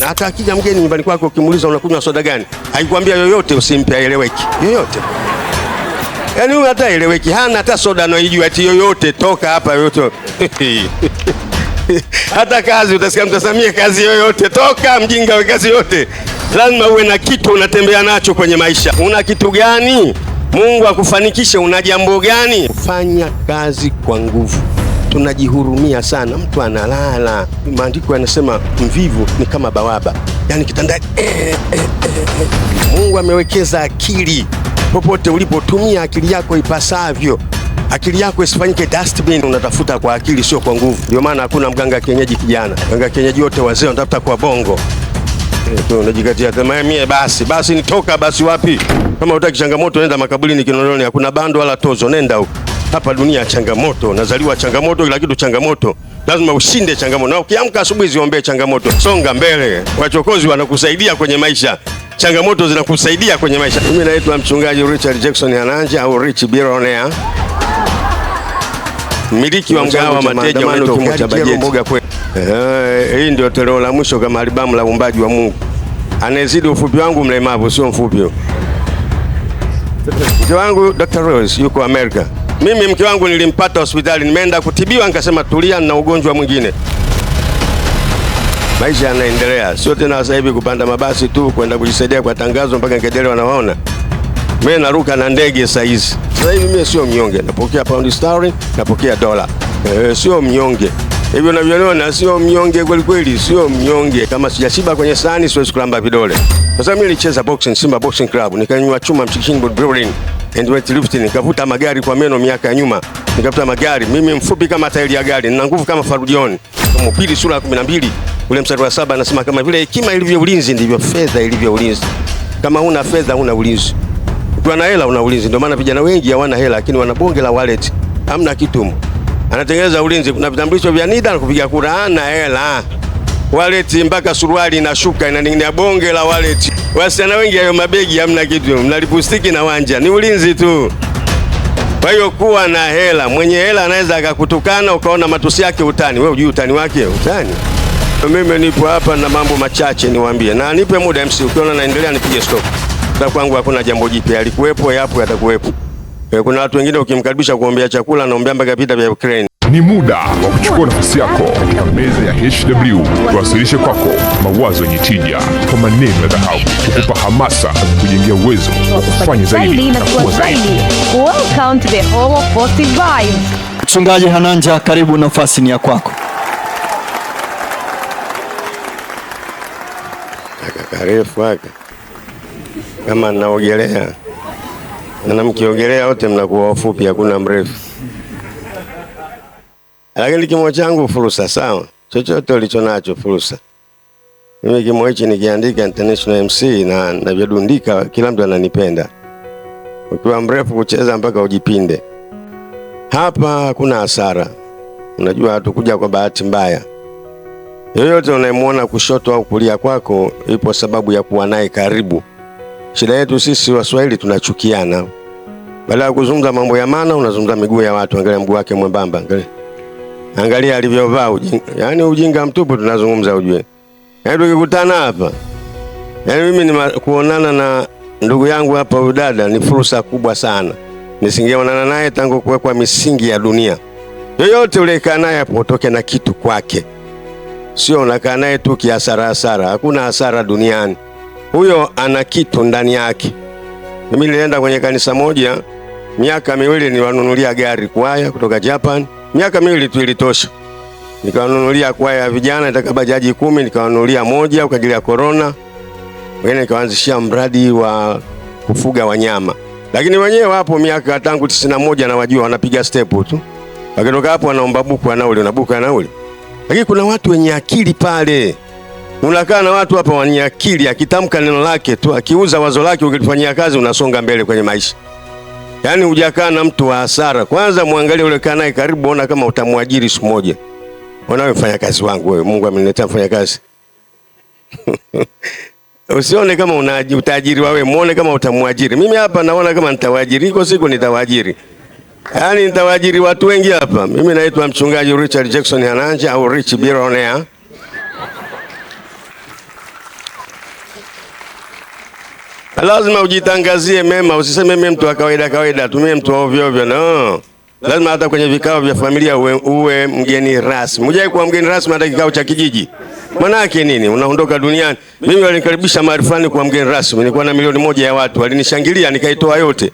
na hata akija mgeni nyumbani kwako ukimuuliza unakunywa soda gani, haikwambia yoyote, usimpe aeleweki yoyote. Yaani huyu hata aeleweki, hana hata soda anaijua ati yoyote, toka hapa yoyote. hata kazi utasikia mtasamia kazi yoyote, toka mjinga wa kazi yote. Lazima uwe na kitu unatembea nacho kwenye maisha. Una kitu gani? Mungu akufanikishe. Una jambo gani? Fanya kazi kwa nguvu tunajihurumia sana, mtu analala. Maandiko yanasema mvivu ni kama bawaba, yani kitandani. Eh, eh, eh. eh. Mungu amewekeza akili popote ulipotumia akili yako ipasavyo. Akili yako isifanyike dustbin, unatafuta kwa akili, sio kwa nguvu. Ndio maana hakuna mganga kienyeji kijana. Mganga kienyeji wote wazee wanatafuta kwa bongo. Eh, unajikatia tamaa, mie basi basi, nitoka basi. Wapi? Kama utaki changamoto, nenda makaburini Kinondoni, hakuna bando wala tozo, nenda huko hapa dunia ya changamoto, nazaliwa changamoto, kila kitu changamoto, lazima ushinde changamoto, na ukiamka asubuhi ziombee changamoto, songa mbele. Wachokozi wanakusaidia kwenye maisha, changamoto zinakusaidia kwenye maisha. Mimi naitwa mchungaji Richard Jackson Hananja au Rich Bironea, mmiliki wa mgahawa Mateja wa kimo cha bajeti. Eh, hii ndio toleo la mwisho kama albamu la uumbaji wa Mungu. Anayezidi ufupi wangu mlemavu, sio mfupi. Mzee wangu Dr. Rose yuko Amerika. Mimi mke wangu nilimpata hospitali, nimeenda kutibiwa, nikasema tulia, na ugonjwa mwingine. Maisha yanaendelea, sio tena sasa hivi kupanda mabasi tu kwenda kujisaidia kwa tangazo mpaka ngedere wanaona. Mimi naruka na ndege sasa hizi. Sasa hivi mimi sio mnyonge, napokea pound sterling, napokea dola. E, eh, sio mnyonge hivyo unavyoniona, sio mnyonge kweli kweli, sio mnyonge. Kama sijashiba kwenye sahani, siwezi kulamba vidole, Sasa mimi nilicheza boxing Simba Boxing Club, nikanywa chuma mshikishini bodybuilding and weightlifting, nikavuta magari kwa meno miaka ya nyuma, nikavuta magari. Mimi mfupi kama tairi ya gari, nina nguvu kama Farudioni. Mhubiri sura ya 12 ule mstari wa saba anasema kama vile hekima ilivyo ulinzi, ndivyo fedha ilivyo ulinzi. Kama una fedha, una ulinzi. Ukiwa na hela, una ulinzi. Ndio maana vijana wengi hawana hela, lakini wana bonge la wallet, hamna kitu, anatengeneza ulinzi. Kuna vitambulisho vya NIDA na kupiga kura, ana hela waleti mpaka suruali inashuka inaning'inia, bonge la waleti. Wasichana wengi hayo mabegi hamna kitu, mnalipustiki na wanja, ni ulinzi tu. Kwa hiyo kuwa na hela, mwenye hela anaweza akakutukana ukaona matusi yake utani, wewe hujui utani wake utani. Mimi nipo hapa na mambo machache niwaambie, na nipe muda MC, ukiona naendelea nipige stop. Hata kwangu hakuna jambo jipya, alikuwepo yapo, yatakuwepo. Eh, kuna watu wengine ukimkaribisha kuombea chakula naombea mpaka vita vya Ukraine. Ni muda wa kuchukua nafasi yako katika meza ya HW, tuwasilishe kwako mawazo yenye tija kwa maneno ya dhahabu, kukupa hamasa kujengea uwezo wa kufanya zaidi na kuwa zaidi. Welcome to the Hall of Positive Vibes. Mchungaji Hananja, karibu, nafasi ni ya kwako. Karefu ake kama naogelea na mkiogelea wote mnakuwa wafupi, hakuna mrefu lakini kimo changu fursa, sawa, chochote ulicho nacho fursa. Mimi kimo hichi nikiandika International MC na navyodundika, kila mtu ananipenda. Ukiwa mrefu kucheza mpaka ujipinde. Hapa hakuna hasara, unajua hatukuja kwa bahati mbaya. Yoyote unayemwona kushoto au kulia kwako, ipo sababu ya kuwa naye karibu. Shida yetu sisi Waswahili tunachukiana. Baada ya kuzungumza mambo ya maana, unazungumza miguu ya watu. Angalia mguu wake mwembamba, angalia Angalia alivyovaa ujinga, yaani ujinga mtupu tunazungumza ujue. Yaani tukikutana hapa, yaani mimi ni kuonana na ndugu yangu hapa, huyu dada ni fursa kubwa sana. Nisingeonana naye tangu kuwekwa misingi ya dunia. Yoyote uliyekaa naye hapo utoke na kitu kwake, sio unakaa naye tu kihasara hasara. Hakuna hasara duniani, huyo ana kitu ndani yake. Mimi nilienda kwenye kanisa moja miaka miwili, niwanunulia gari kwaya kutoka Japan miaka miwili tu ilitosha. Nikawanunulia kwaya ya vijana itaka bajaji kumi, nikawanunulia moja kwa ajili ya korona, wengine nikawaanzishia mradi wa kufuga wanyama, lakini wenyewe wapo miaka tangu tisini na moja wanapiga stepu tu, wakitoka hapo wanaomba buku ya nauli, unabuku ya nauli. Lakini kuna watu wenye akili pale, unakaa na watu hapa wenye akili, akitamka neno lake tu, akiuza wazo lake, ukilifanyia kazi, unasonga mbele kwenye maisha. Yaani hujakaa na mtu wa hasara. Kwanza muangalie yule kaa karibu, ona kama utamwajiri siku moja. Ona wewe mfanya kazi wangu wewe, Mungu ameniletea mfanya kazi. Usione kama una utajiri wewe, muone kama utamwajiri. Mimi hapa naona kama nitawajiri, iko siku nitawajiri. Yaani nitawajiri watu wengi hapa. Mimi naitwa mchungaji Richard Jackson Hananja au Rich Billionaire. lazima ujitangazie mema, usiseme mimi mtu wa kawaida kawaida tu, mimi mtu wa ovyo ovyo. No, lazima hata kwenye vikao vya familia uwe, uwe mgeni rasmi. Unajai kuwa mgeni rasmi hata kikao cha kijiji, maana yake nini? Unaondoka duniani. Mimi walinikaribisha mahali fulani kuwa mgeni rasmi, nilikuwa na milioni moja ya watu walinishangilia, nikaitoa yote.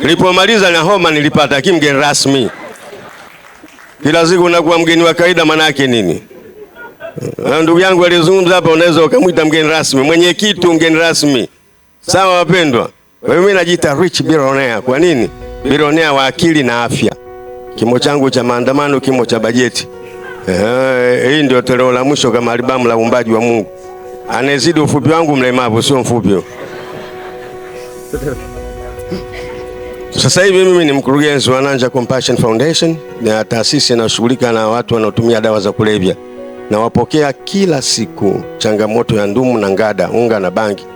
Nilipomaliza na homa nilipata, lakini mgeni rasmi. Kila siku unakuwa mgeni wa kawaida, maana yake nini? na ndugu yangu aliyezungumza hapa, unaweza ukamwita mgeni rasmi, mwenyekiti, mgeni rasmi. Sawa wapendwa, kwa hiyo mimi najiita rich billionaire. Kwa nini? Bilionea wa akili na afya. Kimo changu cha maandamano, kimo cha bajeti. Eh, hii ndio toleo la mwisho kama albamu la uumbaji wa Mungu. Anezidi ufupi wangu mlemavu, sio mfupi. Sasa hivi mimi ni mkurugenzi wa Nanja Compassion Foundation ni taasisi inayoshughulika na watu wanaotumia dawa za kulevya. Nawapokea kila siku changamoto ya ndumu na ngada, unga na bangi,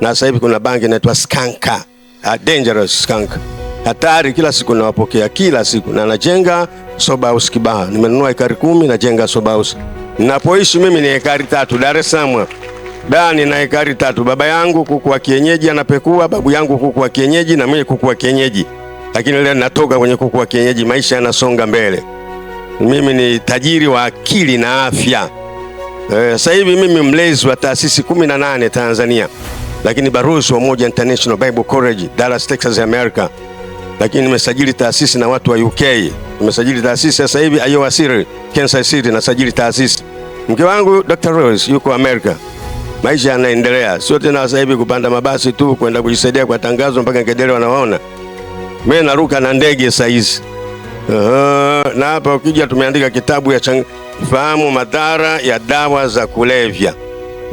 na sasa hivi kuna bangi inaitwa skanka, a ah, dangerous skanka, hatari. Kila siku nawapokea, kila siku, na najenga soba house Kibaha. Nimenunua ekari kumi, najenga soba house. Ninapoishi mimi ni ekari tatu, Dar es Salaam da, nina ekari tatu. Baba yangu kuku wa kienyeji anapekua, babu yangu kuku wa kienyeji, na mimi kuku wa kienyeji, lakini leo natoka kwenye kuku wa kienyeji. Maisha yanasonga mbele. Mimi ni tajiri wa akili na afya. Eh, sasa hivi mimi mlezi wa taasisi 18 Tanzania, lakini baruzi wa moja International Bible College Dallas, Texas America, lakini nimesajili taasisi na watu wa UK. Nimesajili taasisi sasa hivi Iowa City, Kansas City nasajili taasisi. Mke wangu Dr. Rose yuko America. Maisha yanaendelea, sio tena sasa hivi kupanda mabasi tu kwenda kujisaidia kwa tangazo mpaka ngedele wanaona. Mimi naruka na ndege saizi. Uh, na hapa ukija tumeandika kitabu ya chang... fahamu madhara ya dawa za kulevya.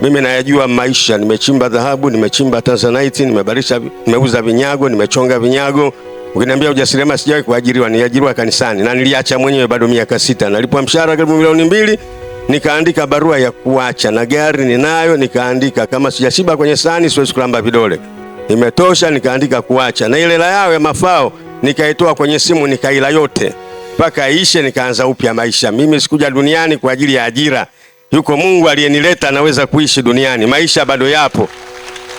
Mimi nayajua maisha, nimechimba dhahabu, nimechimba tanzanite, nimebarisha, nimeuza vinyago, nimechonga vinyago. Ukiniambia ujasiriamali, sijawahi kuajiriwa, niliajiriwa kanisani na niliacha mwenyewe bado miaka sita. Nalipwa mshahara karibu milioni mbili, nikaandika barua ya kuacha na gari ninayo, nikaandika kama sijashiba kwenye sahani siwezi kulamba vidole. Imetosha, nikaandika kuacha na ile la yao ya mafao nikaitoa kwenye simu nikaila yote mpaka ishe, nikaanza upya maisha. Mimi sikuja duniani kwa ajili ya ajira, yuko Mungu aliyenileta, naweza kuishi duniani, maisha bado yapo.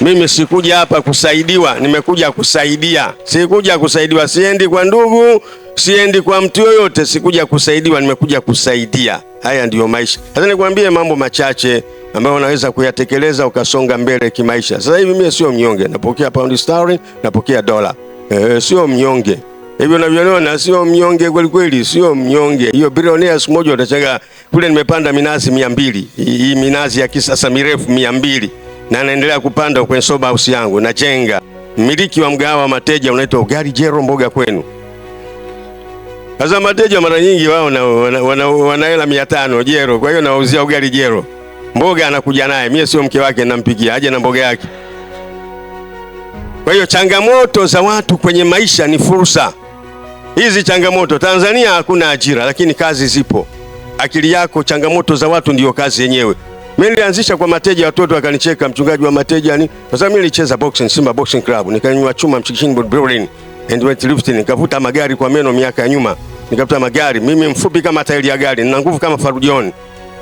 Mimi sikuja hapa kusaidiwa, nimekuja kusaidia. Sikuja kusaidiwa, siendi kwa ndugu, siendi kwa mtu yoyote, sikuja kusaidiwa, nimekuja kusaidia. Haya ndiyo maisha. Sasa nikwambie mambo machache ambayo unaweza kuyatekeleza ukasonga mbele kimaisha. Sasa hivi mimi sio mnyonge, napokea pound sterling, napokea dola eh, sio mnyonge. Hivyo eh, unavyoniona sio mnyonge kweli kweli, sio mnyonge. Hiyo bilionea siku moja utachaga kule, nimepanda minazi mia mbili hii minazi ya kisasa mirefu mia mbili na naendelea kupanda kwenye soba house yangu najenga. Mmiliki wa mgahawa Mateja unaitwa Ugali Jero Mboga kwenu. Sasa Mateja mara nyingi wao wanaela wana, wana, wana mia tano Jero, kwa hiyo nawauzia ugali Jero Mboga anakuja naye, mie sio mke wake, nampigia aje na mboga yake. Kwa hiyo changamoto za watu kwenye maisha ni fursa. Hizi changamoto Tanzania hakuna ajira, lakini kazi zipo. Akili yako, changamoto za watu ndiyo kazi yenyewe. Mimi nilianzisha kwa mateja, watoto wakanicheka, mchungaji wa mateja ni kwa sababu mimi nilicheza boxing Simba Boxing Club, nikanywa chuma mchikishini bodybuilding and went lifting, nikavuta magari kwa meno miaka ya nyuma, nikavuta magari. Mimi mfupi kama tairi ya gari, nina nguvu kama Farujoni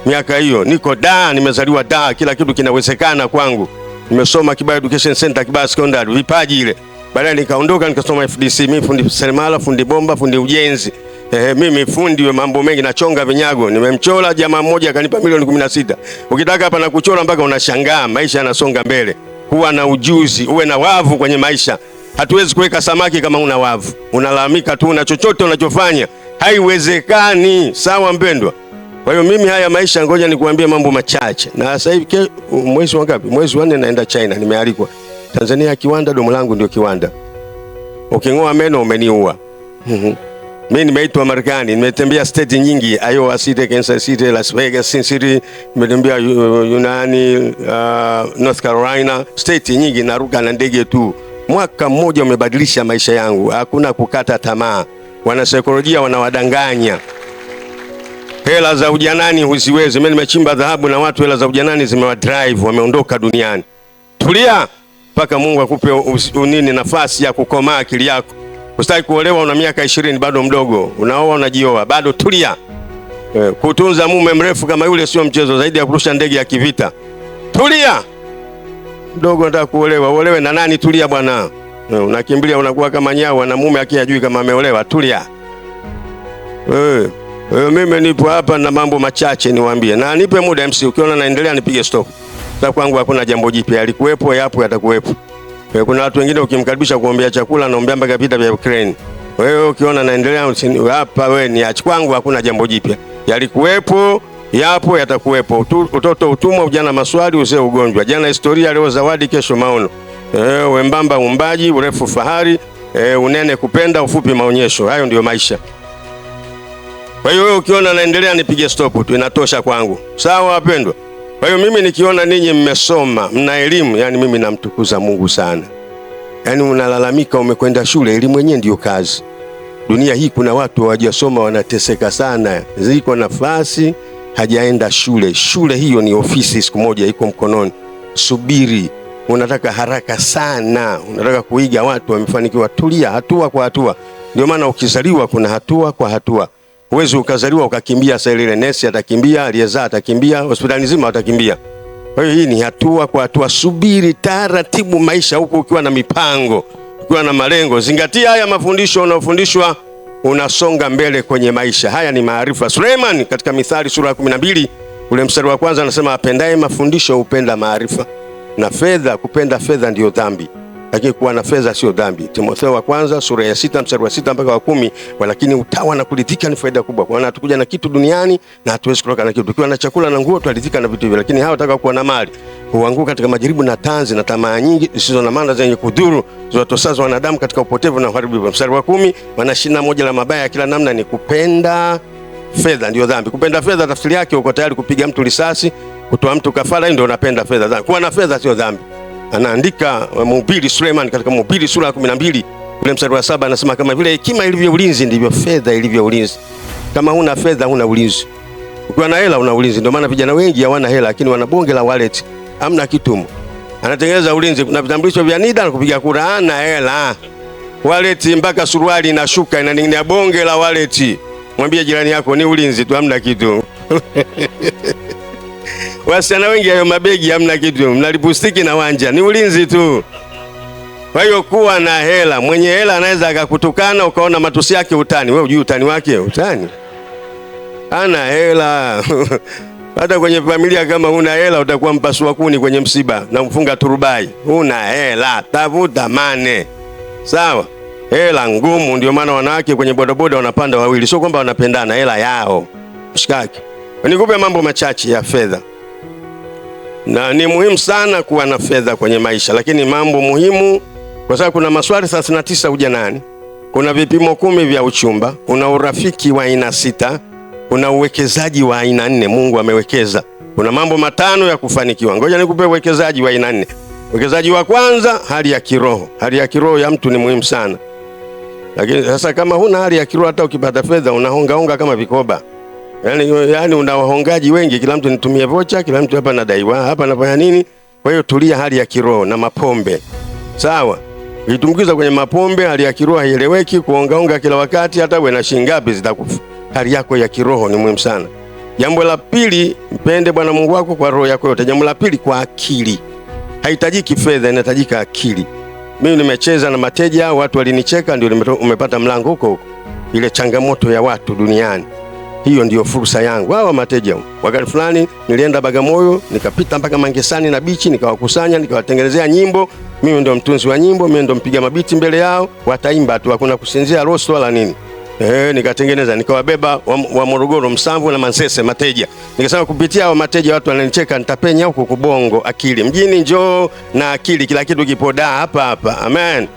Miaka hiyo niko da, nimezaliwa da, kila kitu kinawezekana kwangu nimesoma Kibaha Education Center, Kibaha Secondary, vipaji ile. Baadaye nikaondoka nikasoma FDC, mimi fundi seremala, fundi bomba, fundi ujenzi. Eh, mimi fundi wa mambo mengi, nachonga vinyago. Nimemchora jamaa mmoja akanipa milioni 16. Ukitaka hapa na kuchora mpaka unashangaa, maisha yanasonga mbele. Huwa na ujuzi, uwe na wavu kwenye maisha. Hatuwezi kuweka samaki kama una wavu. Unalalamika tu na chochote unachofanya. Haiwezekani. Sawa mpendwa? Kwa hiyo mimi haya maisha, ngoja nikuambie mambo machache. Na sasa hivi mwezi wa ngapi? Mwezi wa nne naenda China, nimealikwa. Tanzania kiwanda, domo langu ndio kiwanda. Uking'oa meno umeniua. Mhm. Mimi nimeitwa Marekani, nimetembea state nyingi, Iowa City, Kansas City, Las Vegas, Sin City, nimetembea Yunani, uh, North Carolina, state nyingi, naruka na ndege tu. Mwaka mmoja umebadilisha maisha yangu. Hakuna kukata tamaa, wanasaikolojia wanawadanganya hela za ujanani huziwezi. Mimi nimechimba dhahabu na watu hela za ujanani zimewadrive, wameondoka duniani. Tulia mpaka Mungu akupe nini, nafasi ya kukomaa akili yako. Usitaki kuolewa una miaka ishirini, bado mdogo, unaoa unajioa, bado tulia. E, kutunza mume mrefu kama yule sio mchezo, zaidi ya kurusha ndege ya kivita. Tulia mdogo, nataka kuolewa, uolewe na nani? Tulia bwana, e, unakimbilia unakuwa kama nyau na mume akijui kama ameolewa. Tulia wewe. Wewe, eh, mimi nipo hapa na mambo machache niwaambie, na nipe muda MC, ukiona naendelea nipige stop. Sasa kwangu hakuna jambo jipya, alikuwepo yapo, yatakuwepo. Eh, kuna watu wengine ukimkaribisha kuombea chakula naombea mpaka vita vya Ukraine. Wewe ukiona naendelea hapa, wewe niache. Kwangu hakuna jambo jipya, yalikuwepo yapo, yatakuwepo. Utoto utumwa, ujana maswali, uzee ugonjwa. Jana historia, leo zawadi, kesho maono. E, wembamba umbaji, urefu fahari. E, unene kupenda, ufupi maonyesho. Hayo ndiyo maisha. Kwa hiyo wewe ukiona naendelea, nipige stop tu, inatosha kwangu. Sawa wapendwa? Kwa hiyo mimi nikiona ninyi mmesoma, mna elimu, yani mimi namtukuza Mungu sana. Yaani unalalamika umekwenda shule, elimu yenyewe ndiyo kazi. Dunia hii kuna watu hawajasoma wanateseka sana, ziko nafasi hajaenda shule. Shule hiyo ni ofisi, siku moja iko mkononi. Subiri, unataka haraka sana, unataka kuiga watu wamefanikiwa. Tulia, hatua kwa hatua. Ndio maana ukizaliwa kuna hatua kwa hatua. Huwezi ukazaliwa ukakimbia saa ile, nesi atakimbia, aliyezaa atakimbia, hospitali nzima watakimbia. Kwa hiyo hii ni hatua kwa hatua, subiri taratibu maisha, huku ukiwa na mipango, ukiwa na malengo. Zingatia haya mafundisho unaofundishwa, unasonga mbele kwenye maisha. Haya ni maarifa. Suleiman katika Mithali sura ya 12 ule mstari wa kwanza anasema, apendaye mafundisho hupenda maarifa, na fedha kupenda fedha ndiyo dhambi lakini kuwa na fedha sio dhambi. Timotheo wa kwanza sura ya sita mstari wa sita mpaka wa kumi. Walakini utawa na kuridhika ni faida kubwa, kwa maana hatukuja na kitu duniani na hatuwezi kutoka na kitu. Tukiwa na chakula na nguo tutaridhika na vitu hivyo, lakini hawa wataka kuwa na mali huanguka katika majaribu na tanzi na tamaa nyingi zisizo na maana zenye kudhuru ziwatosaza wanadamu katika upotevu na uharibifu. Mstari wa kumi, maana shina moja la mabaya ya kila namna ni kupenda fedha, ndio dhambi. Kupenda fedha tafsiri yake uko tayari kupiga mtu risasi, kutoa mtu kafara, ndio unapenda fedha. Kuwa na fedha sio dhambi anaandika Mhubiri Suleiman katika Mhubiri sura ya 12 ule mstari wa saba anasema kama vile hekima ilivyo ulinzi ndivyo fedha ilivyo ulinzi. Kama huna fedha huna ulinzi, ukiwa na hela una ulinzi. Ndio maana vijana wengi hawana hela, lakini wana bonge la wallet, amna kitumo, anatengeneza ulinzi na vitambulisho vya NIDA na kupiga kura, ana hela wallet, mpaka suruali inashuka inaning'inia, bonge la wallet. Mwambie jirani yako ni ulinzi tu, amna kitu Wasichana wengi hayo mabegi hamna kitu, mnalipustiki na wanja, ni ulinzi tu. Kwa hiyo kuwa na hela. Mwenye hela anaweza akakutukana ukaona matusi yake utani, wewe hujui utani wake, utani ana hela hata kwenye familia kama huna hela utakuwa mpasua kuni kwenye msiba na mfunga turubai. Huna hela, tafuta mane, sawa? Hela ngumu. Ndio maana wanawake kwenye bodaboda wanapanda wawili, sio kwamba wanapendana, hela yao. Mshikaki, nikupe mambo machache ya fedha na ni muhimu sana kuwa na fedha kwenye maisha, lakini mambo muhimu, kwa sababu kuna maswali 39 nani, kuna vipimo kumi vya uchumba, kuna urafiki wa aina sita, kuna uwekezaji wa aina nne. Mungu amewekeza, kuna mambo matano ya kufanikiwa. Ngoja nikupe uwekezaji wa aina nne. Uwekezaji wa kwanza, hali ya kiroho. Hali ya kiroho ya mtu ni muhimu sana, lakini sasa kama huna hali ya kiroho, hata ukipata fedha unahongaonga kama vikoba yani, yani una wahongaji wengi, kila mtu nitumie vocha, kila mtu hapa nadaiwa, hapa nafanya nini. Kwa hiyo tulia, hali ya kiroho na mapombe sawa. Ukitumbukiza kwenye mapombe, hali ya kiroho haieleweki, kuongaonga kila wakati, hata uwe na shilingi ngapi zitakufa. Hali yako ya kiroho ni muhimu sana. Jambo la pili, mpende Bwana Mungu wako kwa roho yako yote. Jambo la pili, kwa akili. Haitajiki fedha, inahitajika akili. Mimi nimecheza na mateja, watu walinicheka, ndio umepata mlango huko huko, ile changamoto ya watu duniani hiyo ndiyo fursa yangu. Hawa mateja wakati fulani nilienda Bagamoyo, nikapita mpaka Mangesani na bichi, nikawakusanya, nikawatengenezea nyimbo. Mimi ndio mtunzi wa nyimbo, mimi ndio mpiga mabiti mbele yao, wataimba tu, hakuna kusinzia rosto wala nini. Eh, nikatengeneza nikawabeba wa, wa Morogoro Msamvu na Mansese mateja. Nikasema kupitia hao mateja watu wananicheka, nitapenya huko kubongo akili. Mjini njoo na akili, kila kitu kipo da hapa hapa. Amen.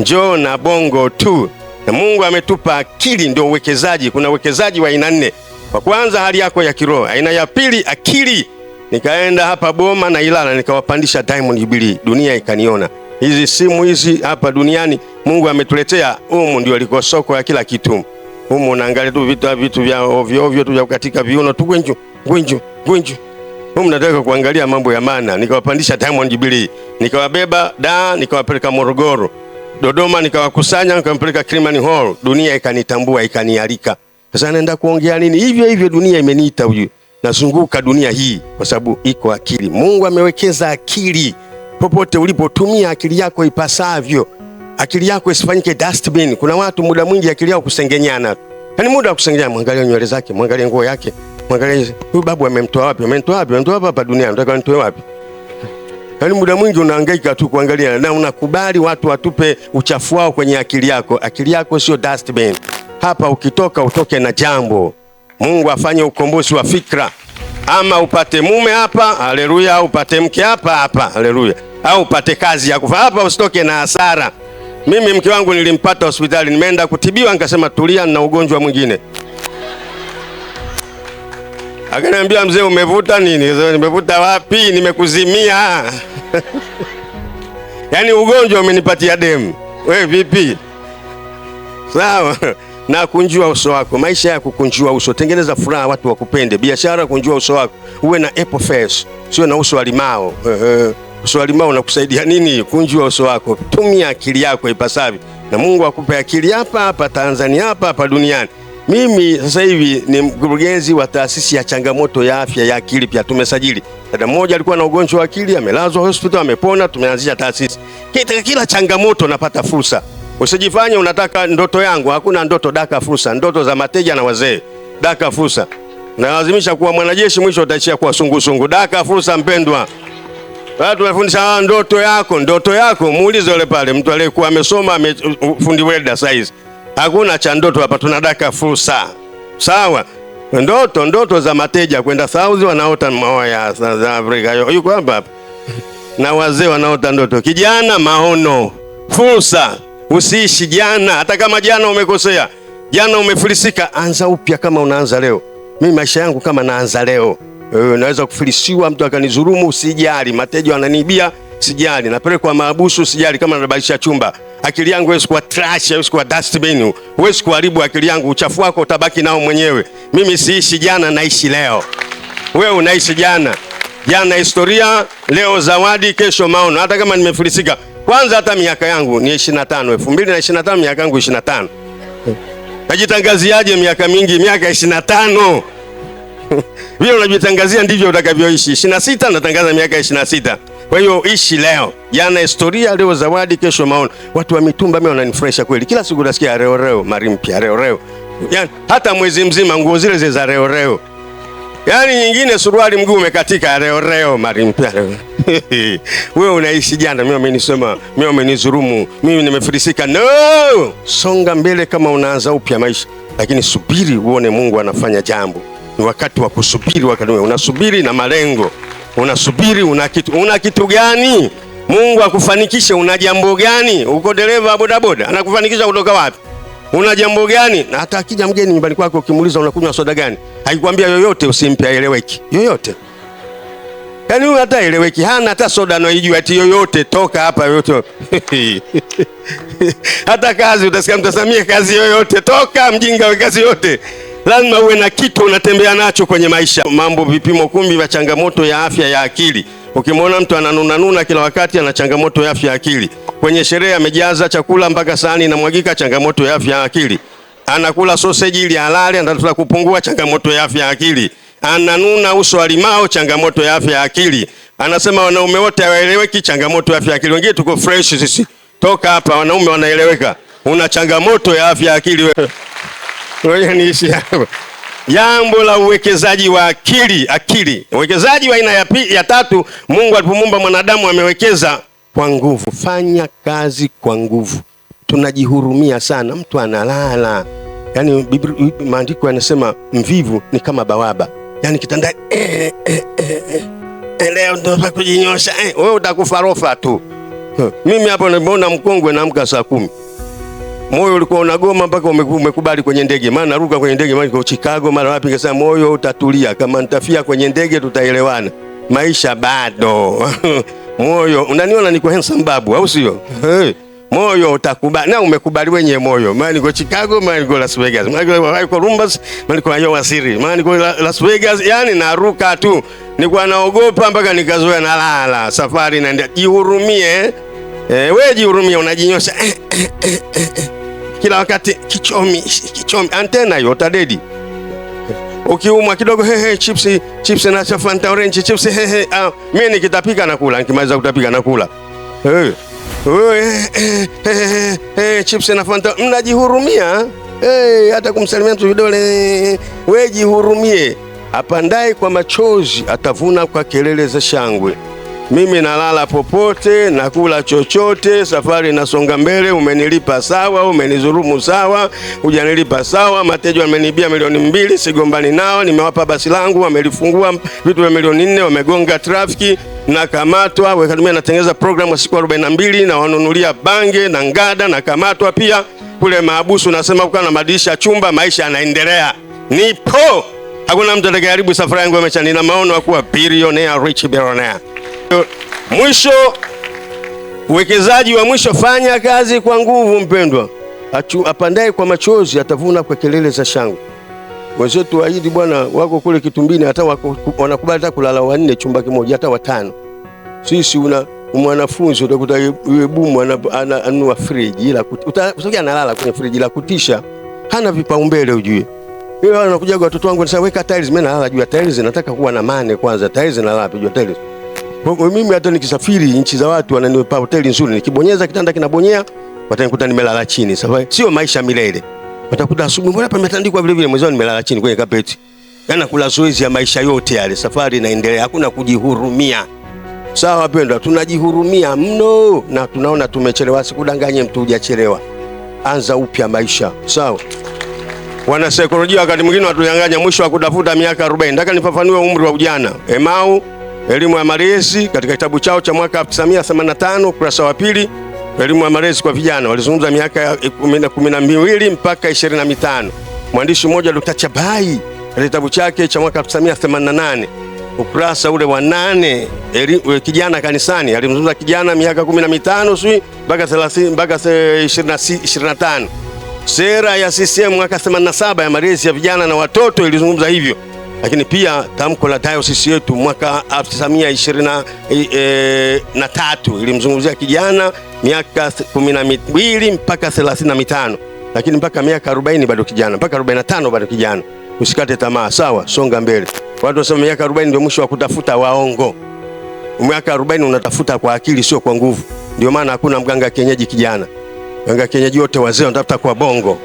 Njoo na bongo tu na Mungu ametupa akili, ndio uwekezaji. Kuna uwekezaji wa aina nne. Wa kwanza hali yako ya kiroho, aina ya pili akili. Nikaenda hapa Boma na Ilala nikawapandisha Diamond Jubilee, dunia ikaniona. Hizi simu hizi hapa duniani Mungu ametuletea humu, ndio liko soko ya kila kitu humu. Unaangalia tu vitu vitu vya ovyo ovyo tu vya kukatika viuno tu, gwenju gwenju gwenju humu nataka kuangalia mambo ya maana. Nikawapandisha Diamond Jubilee, nikawabeba da, nikawapeleka Morogoro. Dodoma, nikawakusanya nikampeleka Kilimani Hall, dunia ikanitambua ikanialika. Sasa naenda kuongea nini? Hivyo hivyo dunia imeniita huyu. nazunguka dunia hii kwa sababu iko akili. Mungu amewekeza akili popote ulipotumia akili yako ipasavyo, akili yako isifanyike dustbin. Kuna watu muda mwingi akili yao kusengenyana, yani muda wa kusengenyana, mwangalie nywele zake, mwangalie nguo yake, mwangalie huyu babu amemtoa wapi, amemtoa wapi, amemtoa hapa duniani, nataka nitoe wapi? Yaani muda mwingi unahangaika tu kuangalia na unakubali watu watupe uchafu wao kwenye akili yako. Akili yako sio dustbin. Hapa ukitoka utoke na jambo. Mungu afanye ukombozi wa fikra, ama upate mume hapa, haleluya, au upate mke hapa hapa, haleluya, au upate kazi ya kufa hapa, usitoke na hasara. Mimi mke wangu nilimpata hospitali, nimeenda kutibiwa, nikasema tulia, na ugonjwa mwingine Akaniambia, mzee, umevuta nini? Nimevuta wapi? Nimekuzimia. Yaani ugonjwa umenipatia demu. We vipi? Sawa. Na kunjua uso wako, maisha ya kukunjua uso, tengeneza furaha, watu wakupende. Biashara, kunjua uso wako, uwe na apple face, sio na uso wa limao. uso wa limao unakusaidia nini? Kunjua uso wako, tumia akili yako ipasavyo, na Mungu akupe akili hapa hapa Tanzania, hapa hapa duniani. Mimi sasa hivi ni mkurugenzi wa taasisi ya changamoto ya afya ya akili. Pia tumesajili dada mmoja alikuwa na ugonjwa wa akili, amelazwa hospitali, amepona. Tumeanzisha taasisi katika kila changamoto, napata fursa. Usijifanye unataka ndoto yangu, hakuna ndoto, daka fursa. Ndoto za mateja na wazee, daka fursa. Nalazimisha kuwa mwanajeshi, mwisho utaishia kuwa sungu. Daka fursa, mpendwa. Baada tumefundisha ah, ndoto yako, ndoto yako muulize yule pale mtu aliyekuwa amesoma, amefundi welda size hakuna cha ndoto hapa, tunadaka fursa. Sawa, ndoto ndoto za mateja kwenda Saudi wanaota maoa ya Afrika, yuko hapa na wazee wanaota ndoto. Kijana, maono, fursa. Usiishi jana, hata kama jana umekosea, jana umefilisika, anza upya kama unaanza leo. Mimi maisha yangu kama naanza leo. naweza kufilisiwa, mtu akanizurumu sijali. Mateja wananibia, sijali. Napelekwa mahabusu, sijali. Kama nabadilisha chumba akili yangu huwezi kuwa trash, huwezi kuwa dustbin, huwezi kuharibu akili yangu. Uchafu wako utabaki nao mwenyewe. Mimi siishi jana, naishi leo. Wewe unaishi jana, jana historia, leo zawadi, kesho maono. Hata kama nimefilisika kwanza, hata miaka yangu ni 25, 2025 miaka yangu 25. Najitangaziaje miaka mingi? Miaka 25 vile unajitangazia ndivyo utakavyoishi. 26 natangaza miaka 26. Kwa hiyo ishi leo, jana historia, leo zawadi, kesho maono. Watu wa mitumba mimi wananifresha kweli, kila siku nasikia reo reo, mali mpya, reo reo, yani hata mwezi mzima nguo zile zile za reo reo, yani nyingine suruali mguu umekatika, reo reo, mali mpya, reo wewe unaishi jana, mimi amenisema, mimi amenizurumu, mimi nimefilisika. No, songa mbele kama unaanza upya maisha, lakini subiri uone Mungu anafanya jambo. Ni wakati wa kusubiri, wakati unasubiri na malengo Unasubiri una kitu, una kitu gani? Mungu akufanikishe, una jambo gani? Uko dereva bodaboda, anakufanikisha kutoka wapi? Una jambo gani? Na hata akija mgeni nyumbani kwako, ukimuuliza unakunywa soda gani, haikwambia yoyote, usimpe aeleweki yoyote. Yaani huyu hata aeleweki, hana hata soda anaijua, ati yoyote, toka hapa yoyote. hata kazi utasikia mtasamia kazi yoyote, toka mjinga we kazi yote lazima uwe na kitu unatembea nacho kwenye maisha. Mambo vipimo kumi vya changamoto ya afya ya akili. Ukimwona mtu ananunanuna kila wakati, ana changamoto ya afya ya akili. Kwenye sherehe amejaza chakula mpaka sahani inamwagika, changamoto ya afya ya akili. Anakula soseji ili halali, anatafuta kupungua, changamoto ya afya ya akili. Ananuna uso alimao, changamoto ya afya ya akili. Anasema wanaume wote hawaeleweki, changamoto ya afya ya akili. Wengine tuko fresh sisi, toka hapa, wanaume wanaeleweka. Una changamoto ya afya ya akili wewe. Ngoja niishi hapo. Jambo la uwekezaji wa akili, akili. Uwekezaji wa aina ya, ya tatu, Mungu alipomuumba mwanadamu amewekeza kwa nguvu. Fanya kazi kwa nguvu. Tunajihurumia sana, mtu analala. Yaani maandiko yanasema mvivu ni kama bawaba, yaani kitanda eh, eh, eh, eh, eh. leo ndio kujinyosha eh, wewe utakufa rofa tu. Mimi hapo nimeona mkongwe naamka saa kumi moyo ulikuwa unagoma mpaka umekubali kwenye ndege, maana naruka kwenye ndege, maana Chicago, mara wapi. Nikasema moyo utatulia, kama nitafia kwenye ndege tutaelewana, maisha bado moyo unaniona niko handsome babu, au sio? moyo utakubali na umekubali wenye moyo, maana niko Chicago, maana niko Las Vegas, maana niko Columbus, maana niko Iowa City, maana niko Las Vegas, yani naruka tu, nilikuwa naogopa mpaka nikazoea, nalala safari. Na jihurumie eh? Eh, wewe jihurumia, unajinyosha eh, eh, eh, eh, eh. kila wakati kichomi, kichomi. Antena hiyo utadedi ukiumwa kidogo, he he, chips chips na Fanta orange chips, he. Ah, mimi nikitapika na kula, nikimaliza kutapika na kula hey. Hey, nakula. Wewe eh, eh, wewe, chips na Fanta, mnajihurumia eh, hata kumsalimia mtu vidole. Wewe jihurumie, apandaye kwa machozi atavuna kwa kelele za shangwe. Mimi nalala popote, nakula chochote, safari nasonga mbele. Umenilipa sawa, umenizurumu sawa, hujanilipa sawa. Mateja wamenibia milioni mbili, sigombani nao, nimewapa basi langu, wamelifungua vitu vya milioni nne, wamegonga trafiki nakamatwa. Wekadumia natengeneza programu ya siku 42 na wanunulia bange na ngada, nakamatwa pia kule maabusu. Nasema kukaa na madirisha chumba, maisha yanaendelea, nipo. Hakuna mtu atakayeharibu safari yangu ya maisha. Nina maono ya kuwa bilionea, rich billionaire. Mwisho, uwekezaji wa mwisho, fanya kazi kwa nguvu mpendwa. Apandaye kwa machozi atavuna kwa kelele za shangwe. Wenzetu waahidi bwana wako kule kitumbini, hata wanakubali hata kulala wanne chumba kimoja, hata watano. Sisi una mwanafunzi utakuta yule bumu ananua friji ila utakuja analala kwenye friji la kutisha, hana vipaumbele ujue. Yeye anakuja watoto wangu weka tiles, mimi nalala juu ya tiles, nataka kuwa na mane kwanza, tiles nalala juu ya tiles. Mimi hata nikisafiri nchi za watu wananipa hoteli nzuri, nikibonyeza kitanda kinabonyea, watanikuta nimelala chini. Sasa sio maisha milele, watakuta asubuhi, mbona hapa pametandikwa vile vile, mwenzao nimelala chini kwenye kapeti. Yana yaani kula zoezi ya maisha yote yale, safari inaendelea, hakuna kujihurumia. Sawa wapendwa, tunajihurumia mno na tunaona tumechelewa. Sikudanganye mtu, hujachelewa. Anza upya maisha, sawa. Wanasaikolojia wakati mwingine watudanganya, mwisho wa kutafuta miaka 40. Nataka nifafanue umri wa ujana Emau elimu ya malezi katika kitabu chao cha mwaka 1985 ukurasa wa pili, elimu ya malezi kwa vijana walizungumza miaka ya kumi na miwili mpaka 25. Mwandishi mmoja Dr. Chabai katika kitabu chake cha mwaka 1988 ukurasa ule wa nane, e, kijana kanisani, alimzungumza kijana miaka 15 sui mpaka 30 mpaka 25. Sera ya CCM mwaka 87 ya malezi ya vijana na watoto ilizungumza hivyo lakini pia tamko la dayosisi yetu mwaka 1923 e, eh, eh, ilimzungumzia kijana miaka 12 mpaka 35, lakini mpaka miaka 40 bado kijana, mpaka 45 bado kijana. Usikate tamaa, sawa, songa mbele. Watu wasema miaka 40 ndio mwisho wa kutafuta, waongo. Miaka 40 unatafuta kwa akili, sio kwa nguvu. Ndio maana hakuna mganga kienyeji kijana. Mganga kienyeji wote wazee wanatafuta kwa bongo.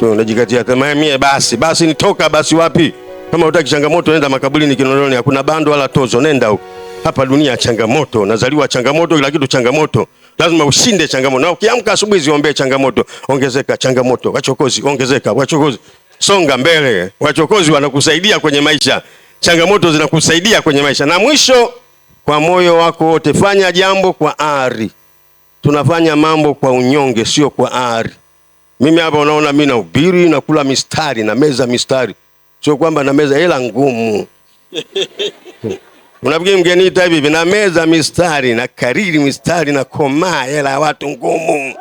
Unajikatia tamaa, mie basi basi, nitoka basi, wapi kama utaki changamoto, nenda ni Kinondoni, hakuna bando wala tozo. Nenda huko. Hapa dunia changamoto, nazaliwa changamoto, kila kitu changamoto. Lazima ushinde changamoto, na ukiamka asubuhi ziombee changamoto. Ongezeka changamoto, wachokozi ongezeka, wachokozi songa mbele. Wachokozi wanakusaidia kwenye maisha, changamoto zinakusaidia kwenye maisha. Na mwisho, kwa moyo wako wote fanya jambo kwa ari. Tunafanya mambo kwa unyonge, sio kwa ari. Mimi hapa unaona mimi nahubiri na kula mistari na meza mistari sio kwamba na meza hela ngumu unafikiri mgeni tabibi na meza mistari na kariri mistari na komaa hela ya watu ngumu.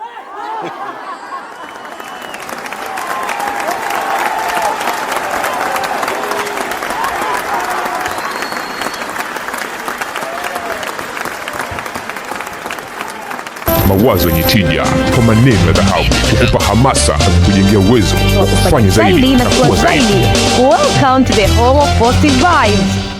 mawazo yenye tija kwa maneno ya dhahabu kukupa hamasa na kukujengea uwezo wa kufanya zaidi na kuwa zaidi. Welcome to the Hall of positive vibes.